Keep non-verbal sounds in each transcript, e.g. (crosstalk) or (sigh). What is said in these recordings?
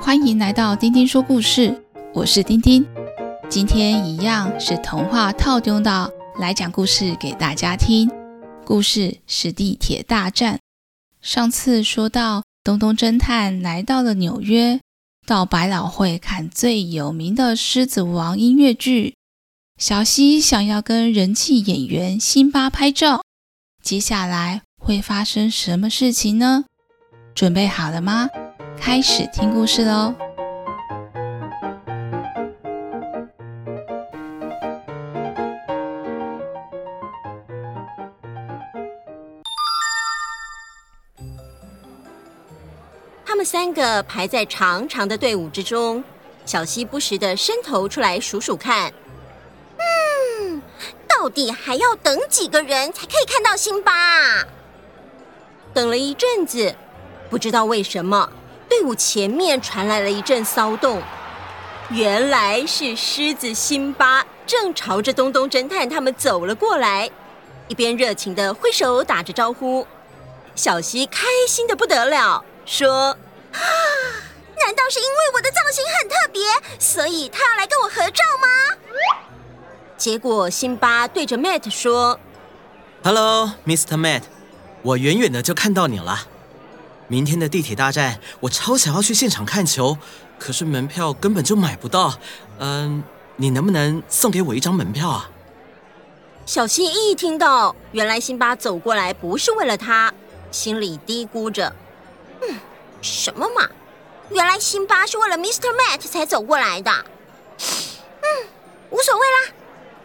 歡迎來到丁丁說故事，我是丁丁。今天一樣是童話透中島來講故事給大家聽。故事是地鐵大戰。上次說到，東東偵探來到了紐約，到百老匯看最有名的獅子王音樂劇。小希想要跟人氣演員辛巴拍照，接下來。會發生什麼事情呢？準備好了嗎？開始聽故事嘍！他們三個排在長長的隊伍之中，小希不時的伸頭出來數數看。嗯，到底還要等幾個人才可以看到辛巴？等了一陣子，不知道為什麼，隊伍前面傳來了一陣騷動。原來是獅子辛巴正朝着東東偵探他們走了過來，一邊熱情地揮手打着招呼。小希開心得不得了，說：“難道是因為我的造型很特別，所以他要來跟我合照嗎？”結果辛巴對着 Matt 說：“Hello, Mr. Matt。”我遠遠的就看到你了，明天的地鐵大戰，我超想要去現場看球，可是門票根本就買不到，嗯、呃，你能不能送給我一張門票啊？小希一聽到，原來辛巴走過來不是為了他，心裡嘀咕着，嗯，什麼嘛，原來辛巴是為了 Mr. Matt 才走過來的，嗯，無所謂啦。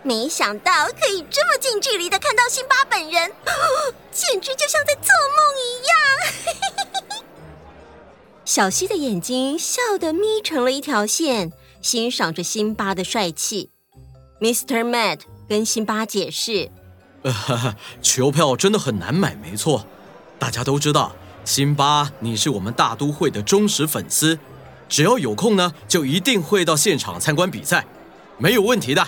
沒想到可以這麼近距離的看到辛巴本人，哦，簡直就像在做夢一樣。 (laughs) 小希的眼睛笑得眯成了一條線，欣賞着辛巴的帥氣。Mr. Matt 跟辛巴解釋：“ (laughs) 球票真的很難買，沒錯，大家都知道。辛巴，你是我們大都會的忠實粉絲，只要有空呢，就一定會到現場參觀比賽，沒有問題的。”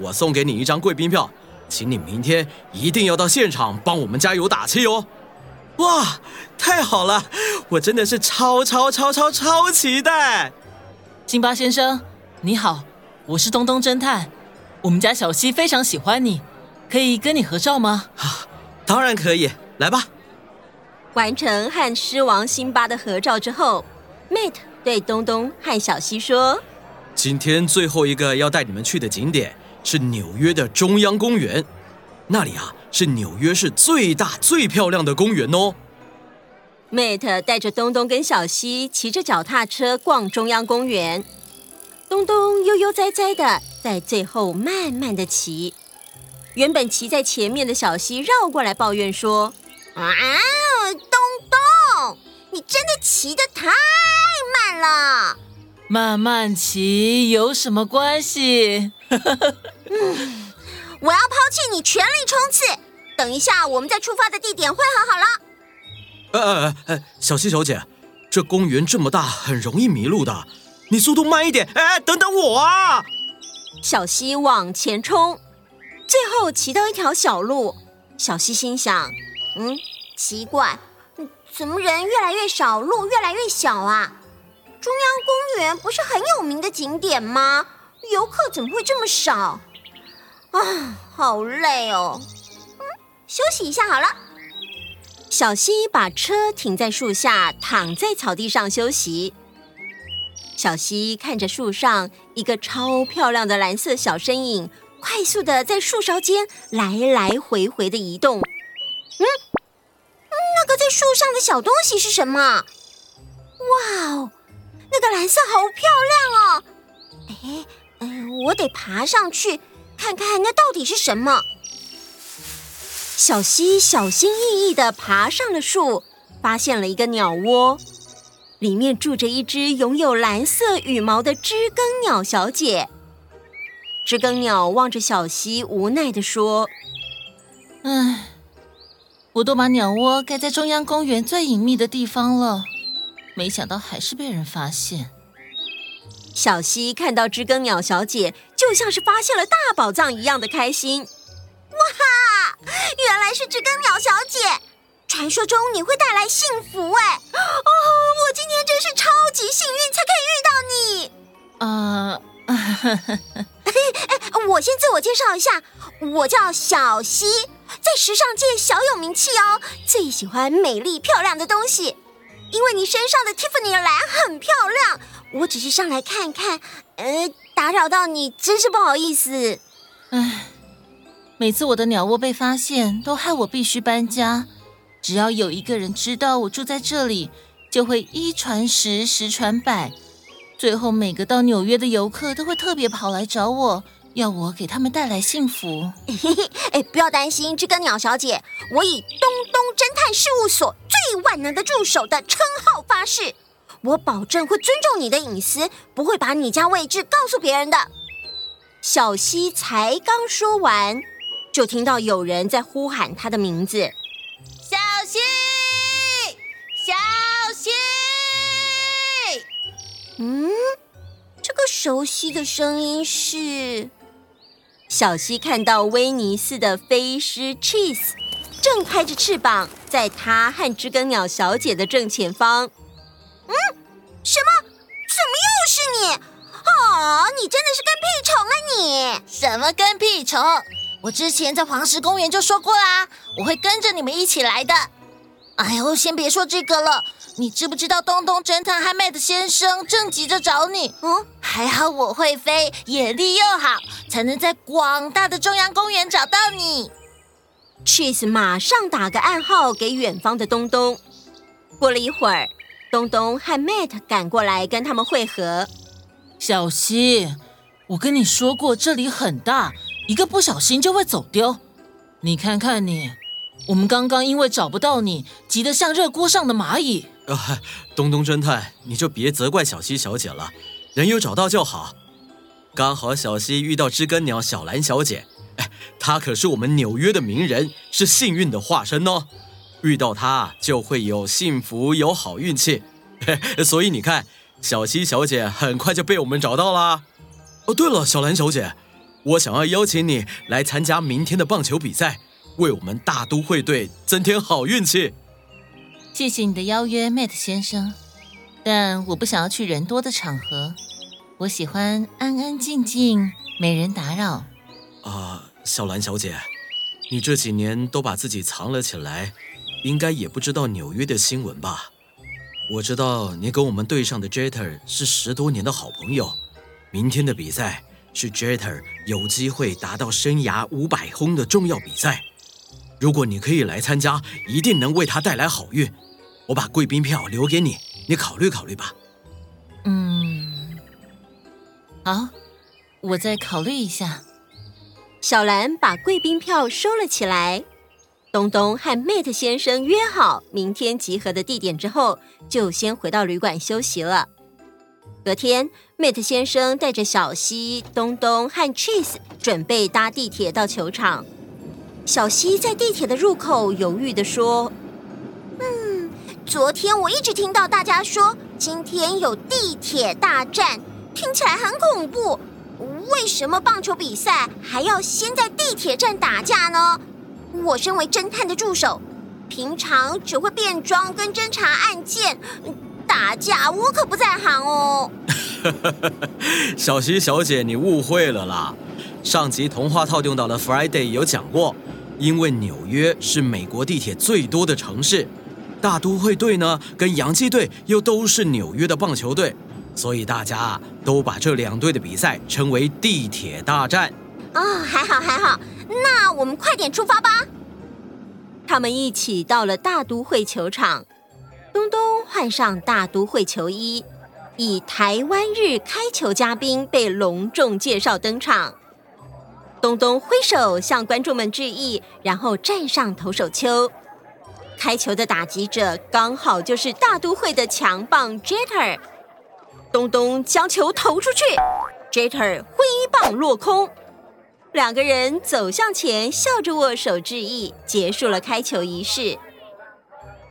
我送給你一張貴賓票，請你明天一定要到現場幫我們加油打氣哦！哇，太好了，我真的是超超超超超期待！辛巴先生，你好，我是東東偵探，我們家小希非常喜歡你，可以跟你合照嗎？啊，當然可以，來吧。完成和獅王辛巴的合照之後，Mate 對東東和小希說：“今天最後一個要帶你們去的景點。”是紐約的中央公園，那裡啊是紐約市最大最漂亮的公園哦。Mate 帶着東東跟小希騎着腳踏車逛中央公園，東東悠悠哉哉的在最後慢慢的騎。原本騎在前面的小希繞過來抱怨說：“啊，東東，你真的騎得太慢了。”慢慢騎有什麼關係？ (laughs) 嗯，我要拋棄你，全力衝刺！等一下，我們在出發的地點會合好了。呃呃呃，小希小姐，這公園這麼大，很容易迷路的。你速度慢一點，哎，等等我啊！小希往前衝，最後騎到一條小路。小希心想：嗯，奇怪，怎麼人越來越少，路越來越小啊？中央公園不是很有名的景點嗎？遊客怎麼會這麼少？啊，好累哦，嗯，休息一下好了。小希把車停在樹下，躺在草地上休息。小希看着樹上一個超漂亮的藍色小身影，快速的在樹梢間來來回回的移動。嗯，那個在樹上的小東西是什麼？哇哦！那個藍色好漂亮哦！哎，嗯，我得爬上去看看那到底是什麼。小希小心翼翼的爬上了樹，發現了一個鳥窩，裡面住着一只擁有藍色羽毛的知更鳥小姐。知更鳥望着小希，無奈的說：“唉，我都把鳥窩蓋在中央公園最隱秘的地方了。”沒想到還是被人發現。小希看到知更鳥小姐，就像是發現了大寶藏一樣的開心。哇！原來是知更鳥小姐，傳說中你會帶來幸福哎。哦，我今天真是超級幸運，才可以遇到你。啊、呃哎哎，我先自我介紹一下，我叫小希，在時尚界小有名氣哦，最喜歡美麗漂亮的東西。因為你身上的蒂芙尼藍很漂亮，我只是上來看看，呃，打擾到你真是不好意思。唉，每次我的鳥窩被發現，都害我必須搬家。只要有一個人知道我住在這裡，就會一傳十，十傳百，最後每個到紐約的遊客都會特別跑來找我，要我給他們帶來幸福。嘿嘿，哎，不要擔心，知更鳥小姐，我以東東偵探事務所，萬能的助手的稱號發誓，我保證會尊重你的隱私，不會把你家位置告訴別人的。小希才剛說完，就聽到有人在呼喊他的名字：小希，小希。嗯，這個熟悉的聲音是小希。看到威尼斯的飛獅 cheese。正拍着翅膀，在他和知更鳥小姐的正前方。嗯，什麼？怎麼又是你？哦，你真的是跟屁蟲啊你！你什麼跟屁蟲？我之前在黃石公園就說過啦，啊，我會跟着你們一起來的。哎呦，先別說這個了。你知不知道東東偵探和麥特先生正急着找你？嗯，還好我會飛，眼力又好，才能在廣大的中央公園找到你。Cheese 馬上打個暗號給遠方的東東。過了一會兒，東東和 Matt 趕過來跟他們會合。小希，我跟你說過，這裡很大，一個不小心就會走丟。你看看你，我們剛剛因為找不到你，急得像熱鍋上的螞蟻。呃，東東偵探，你就別責怪小希小姐了，人有找到就好。剛好小希遇到知更鳥小蘭小姐。他可是我們紐約的名人，是幸運的化身哦，遇到他就會有幸福，有好運氣。嘿，所以你看，小希小姐很快就被我們找到了。哦，對了，小蘭小姐，我想要邀請你來參加明天的棒球比賽，為我們大都會隊增添好運氣。謝謝你的邀約 Matt 先生，但我不想要去人多的場合，我喜歡安安靜靜，沒人打擾。啊。小蘭小姐，你這幾年都把自己藏了起來，應該也不知道紐約的新聞吧？我知道你跟我們隊上的 Jeter 是十多年的好朋友。明天的比賽是 Jeter 有機會達到生涯五百轟的重要比賽，如果你可以來參加，一定能為他帶來好運。我把貴賓票留給你，你考慮考慮吧。嗯，好，我再考慮一下。小蘭把貴賓票收了起來。東東和 Mate 先生約好明天集合的地點之後，就先回到旅館休息了。隔天，Mate 先生帶着小希、東東和 Cheese 準備搭地鐵到球場。小希在地鐵的入口猶豫地說：“嗯，昨天我一直聽到大家說今天有地鐵大戰，聽起來很恐怖。”為什麼棒球比賽還要先在地鐵站打架呢？我身為偵探的助手，平常只會變裝跟偵查案件，打架我可不在行哦。 (laughs) 小希小姐，你誤會了啦。上集童話透中島的 Friday 有講過，因為紐約是美國地鐵最多的城市，大都會隊呢跟洋基隊又都是紐約的棒球隊。所以大家都把這兩隊的比賽稱為“地鐵大戰”。啊、哦，還好還好，那我們快點出發吧。他們一起到了大都會球場，東東換上大都會球衣，以台灣日開球嘉賓被隆重介紹登場。東東揮手向觀眾們致意，然後站上投手丘，開球的打擊者剛好就是大都會的強棒 Jeter。東東將球投出去，Jeter 揮棒落空。兩個人走向前，笑着握手致意，結束了開球儀式。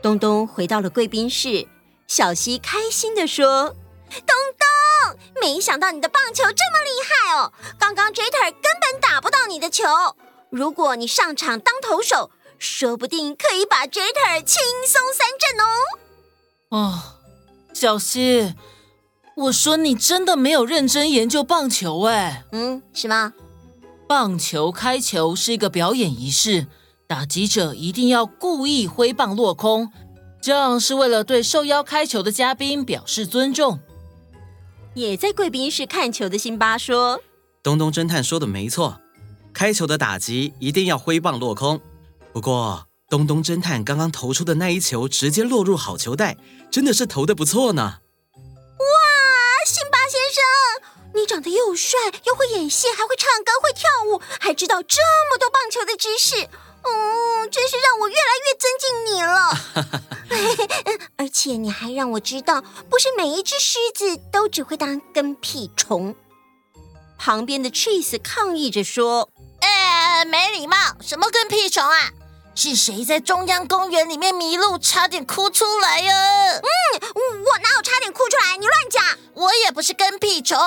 東東回到了貴賓室，小希開心地說：“東東，沒想到你的棒球這麼厲害哦！剛剛 Jeter 根本打不到你的球。如果你上場當投手，說不定可以把 Jeter 輕鬆三振哦。”哦，小希。我說你真的沒有認真研究棒球哎。嗯，是嗎？棒球開球是一個表演儀式，打擊者一定要故意揮棒落空，這樣是為了對受邀開球的嘉賓表示尊重。也在貴賓室看球的辛巴說：“東東偵探說的沒錯，開球的打擊一定要揮棒落空。不過東東偵探剛剛投出的那一球直接落入好球帶，真的是投得不錯呢。”你長得又帥又會演戲，還會唱歌、會跳舞，還知道這麼多棒球的知識，嗯，真是讓我越來越尊敬你了。 (laughs) 而且你還讓我知道，不是每一隻獅子都只會當跟屁蟲。旁邊的 Cheese 抗議着說：“呃，沒禮貌，什麼跟屁蟲啊？”是誰在中央公園裡面迷路，差點哭出來呀、啊？嗯，我哪有差點哭出來？你亂講！我也不是跟屁蟲，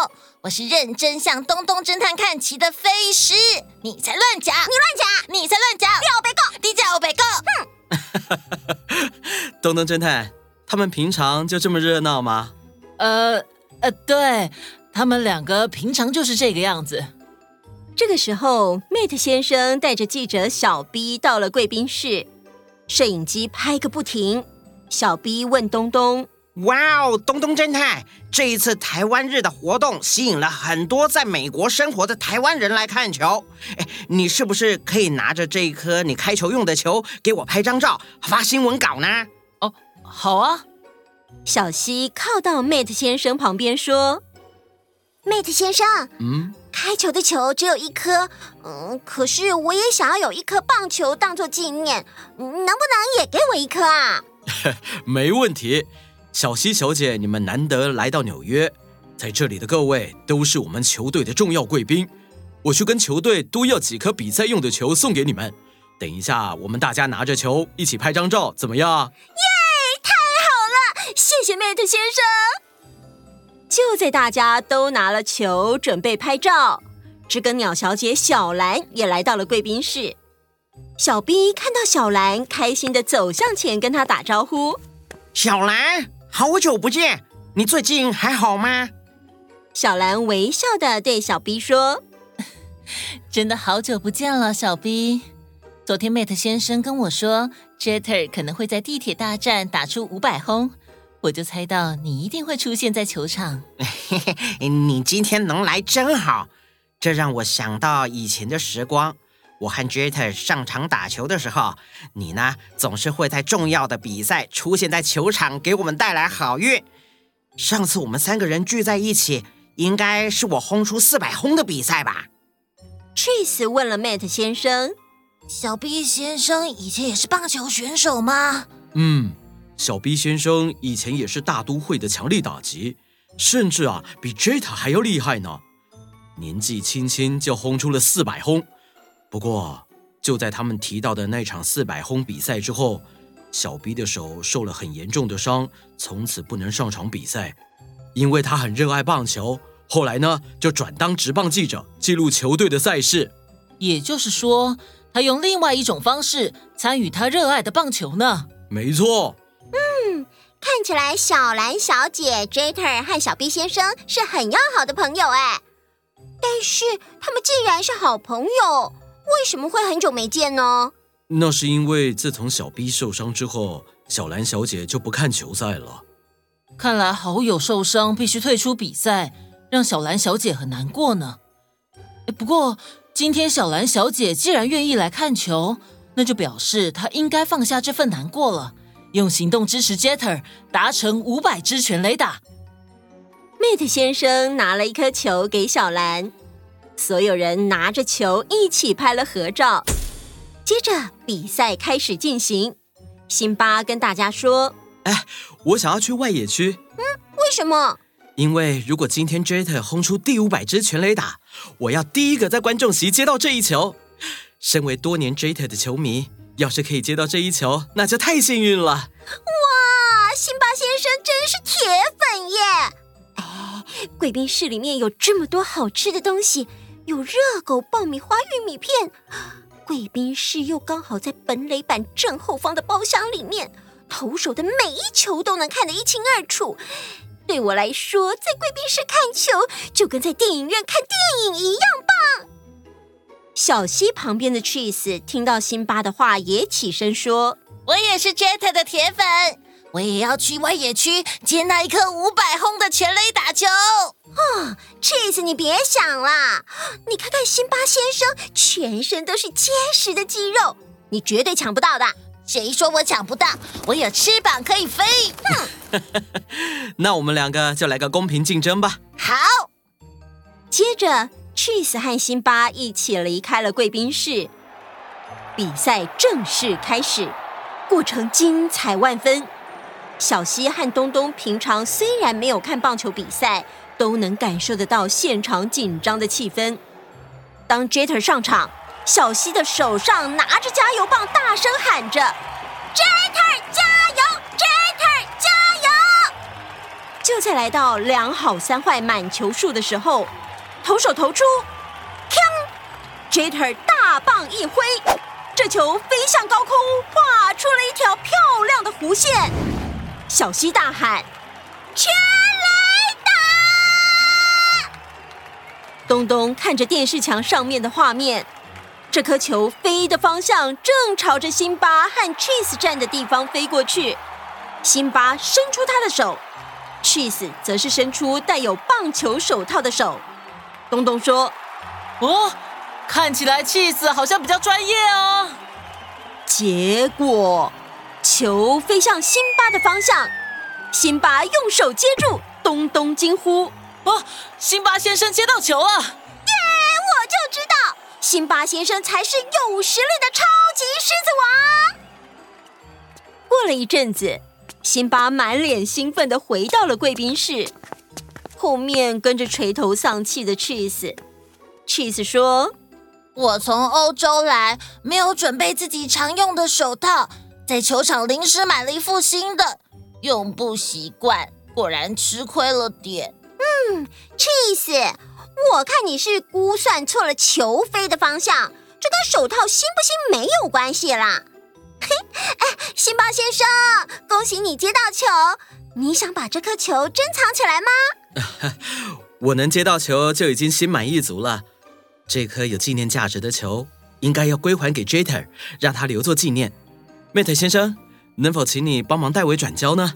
我是認真向東東偵探看齊的飛獅。你才亂講！你亂講！你才亂講！低腳白狗，低腳白狗！哼！你嗯、 (laughs) 東東偵探，他們平常就這麼熱鬧嗎？呃呃，對，他們兩個平常就是這個樣子。這個時候，Mate 先生帶着記者小 B 到了貴賓室，攝影機拍個不停。小 B 問東東：“哇哦，東東偵探，這一次台灣日的活動吸引了很多在美國生活的台灣人來看球。誒，你是不是可以拿着這一顆你開球用的球給我拍張照，發新聞稿呢？”哦，好啊。小希靠到 Mate 先生旁邊說：“Mate 先生，嗯。”開球的球只有一顆，嗯，可是我也想要有一顆棒球當做紀念，能不能也給我一顆啊？ (laughs) 沒問題，小希小姐，你們難得來到紐約，在這裡的各位都是我們球隊的重要貴賓，我去跟球隊多要幾顆比賽用的球送給你們。等一下，我們大家拿着球一起拍張照，怎麼樣？耶，yeah, 太好了，謝謝麥特先生。就在大家都拿了球準備拍照，知更鳥小姐小蘭也來到了貴賓室。小 B 看到小蘭，開心的走向前跟她打招呼：“小蘭，好久不見，你最近還好嗎？”小蘭微笑的對小 B 說：“ (laughs) 真的好久不見了，小 B。昨天 Mate 先生跟我說，Jeter 可能會在地鐵大戰打出五百轟。”我就猜到你一定會出現在球場。嘿嘿，你今天能來真好，這讓我想到以前的時光。我和 Jeter 上場打球的時候，你呢總是會在重要的比賽出現在球場，給我們帶來好運。上次我們三個人聚在一起，應該是我轟出四百轟的比賽吧？這次問了 Mate 先生：“小 B 先生以前也是棒球選手嗎？”嗯。小 B 先生以前也是大都會的強力打擊，甚至啊比 Jeter 還要厲害呢。年紀輕輕就轟出了四百轟。不過就在他們提到的那場四百轟比賽之後，小 B 的手受了很嚴重的傷，從此不能上場比賽。因為他很熱愛棒球，後來呢就轉當職棒記者，記錄球隊的賽事。也就是說，他用另外一種方式參與他熱愛的棒球呢。沒錯。嗯，看起來小蘭小姐 Jeter 和小 B 先生是很要好的朋友哎。但是他們既然是好朋友，為什麼會很久沒見呢？那是因為自從小 B 受傷之後，小蘭小姐就不看球賽了。看來好友受傷必須退出比賽，讓小蘭小姐很難過呢。不過今天小蘭小姐既然願意來看球，那就表示她應該放下這份難過了。用行動支持 Jeter，達成五百支全壘打。Mate 先生拿了一顆球給小蘭，所有人拿着球一起拍了合照。接着比賽開始進行，辛巴跟大家說：“哎，我想要去外野區。嗯，為什麼？因為如果今天 Jeter 轟出第五百支全壘打，我要第一個在觀眾席接到這一球。身為多年 Jeter 的球迷。”要是可以接到這一球，那就太幸運了！哇，辛巴先生真是鐵粉耶！哎、啊，貴賓室裡面有這麼多好吃的東西，有熱狗、爆米花、玉米片。貴賓室又剛好在本壘板正後方的包廂裡面，投手的每一球都能看得一清二楚。對我來說，在貴賓室看球就跟在電影院看電影一樣棒。小溪旁邊的 Cheese 聽到辛巴的話，也起身說：“我也是 Jett 的鐵粉，我也要去外野區接那一顆五百轟的全壘打球。哦”啊，Cheese 你別想了，你看看辛巴先生全身都是結實的肌肉，你絕對搶不到的。誰說我搶不到？我有翅膀可以飛。哼、嗯， (laughs) 那我們兩個就來個公平競爭吧。好，接着。Cheese 和辛巴一起離開了貴賓室，比賽正式開始，過程精彩萬分。小希和東東平常雖然沒有看棒球比賽，都能感受得到現場緊張的氣氛。當 Jeter 上場，小希的手上拿着加油棒，大聲喊着：“Jeter 加油，Jeter 加油！” Jeter，加油。就在來到兩好三壞滿球數的時候。投手投出，鏘！Jeter 大棒一揮，這球飛向高空，畫出了一條漂亮的弧線。小希大喊：“全壘打！”東東看着電視牆上面的畫面，這顆球飛的方向正朝着辛巴和 Cheese 站的地方飛過去。辛巴伸出他的手，Cheese 則是伸出帶有棒球手套的手。東東說：“哦，看起來氣 h 好像比較專業哦、啊。”結果球飛向辛巴的方向，辛巴用手接住，東東驚呼：“哦，辛巴先生接到球了！”耶！Yeah, 我就知道，辛巴先生才是有實力的超級獅子王。過了一陣子，辛巴滿臉興奮地回到了貴賓室。後面跟着垂頭喪氣的 cheese，cheese 說：“我從歐洲來，沒有準備自己常用的手套，在球場臨時買了一副新的，用不習慣，果然吃虧了點。”嗯，嗯，cheese，我看你是估算錯了球飛的方向，這跟手套新不新沒有關係啦。嘿，哎，辛巴先生，恭喜你接到球，你想把這顆球珍藏起來嗎？ (laughs) 我能接到球就已經心滿意足了。這顆有紀念價值的球應該要歸還給 Jeter，讓他留作紀念。Mate 先生，能否請你幫忙代為轉交呢？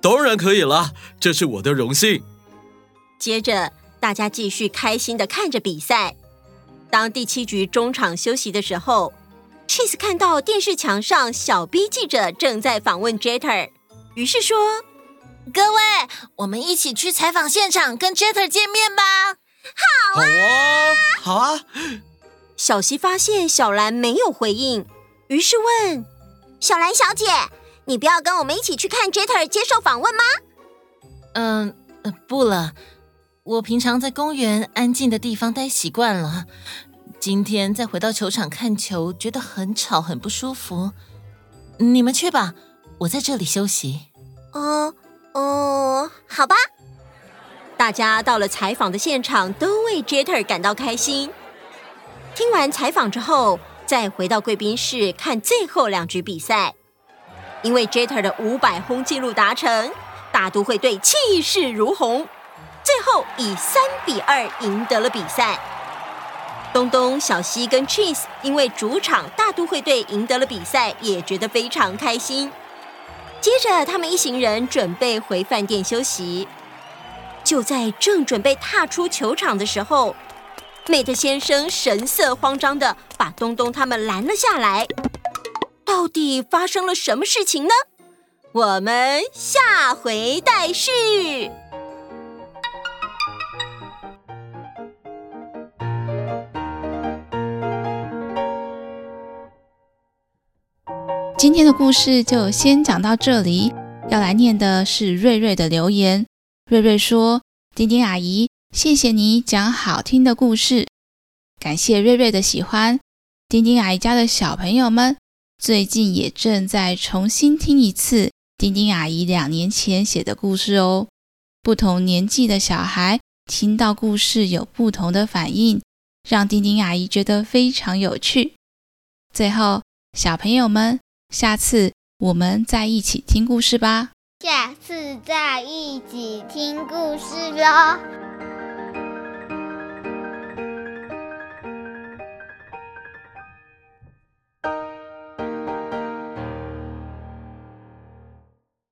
當然可以了，這是我的榮幸。接着，大家繼續開心的看着比賽。當第七局中場休息的時候，Chase 看到電視牆上小 B 記者正在訪問 Jeter，於是說。各位，我們一起去採訪現場跟 Jeter 見面吧。好啊，好啊，好啊，小希發現小蘭沒有回應，於是問：“小蘭小姐，你不要跟我們一起去看 Jeter 接受訪問嗎？”“嗯、呃呃，不了，我平常在公園安靜的地方待習慣了，今天再回到球場看球覺得很吵，很不舒服。你們去吧，我在這裡休息。”“哦。哦，oh, 好吧。大家到了採訪的現場，都為 Jeter 感到開心。聽完採訪之後，再回到貴賓室看最後兩局比賽。因為 Jeter 的五百轟紀錄達成，大都會隊氣勢如虹，最後以三比二贏得了比賽。東東、小西跟 Cheese 因為主場大都會隊贏得了比賽，也覺得非常開心。接着，他們一行人準備回飯店休息。就在正準備踏出球場的時候，美特先生神色慌張的把東東他們攔了下來。到底發生了什麼事情呢？我們下回待續。今天的故事就先講到這裡。要來念的是瑞瑞的留言。瑞瑞說：“丁丁阿姨，謝謝你講好聽的故事。”感謝瑞瑞的喜歡。丁丁阿姨家的小朋友們最近也正在重新聽一次丁丁阿姨兩年前寫的故事哦。不同年紀的小孩聽到故事有不同的反應，讓丁丁阿姨覺得非常有趣。最後，小朋友們。下次我們再一起聽故事吧。下次再一起聽故事嘍。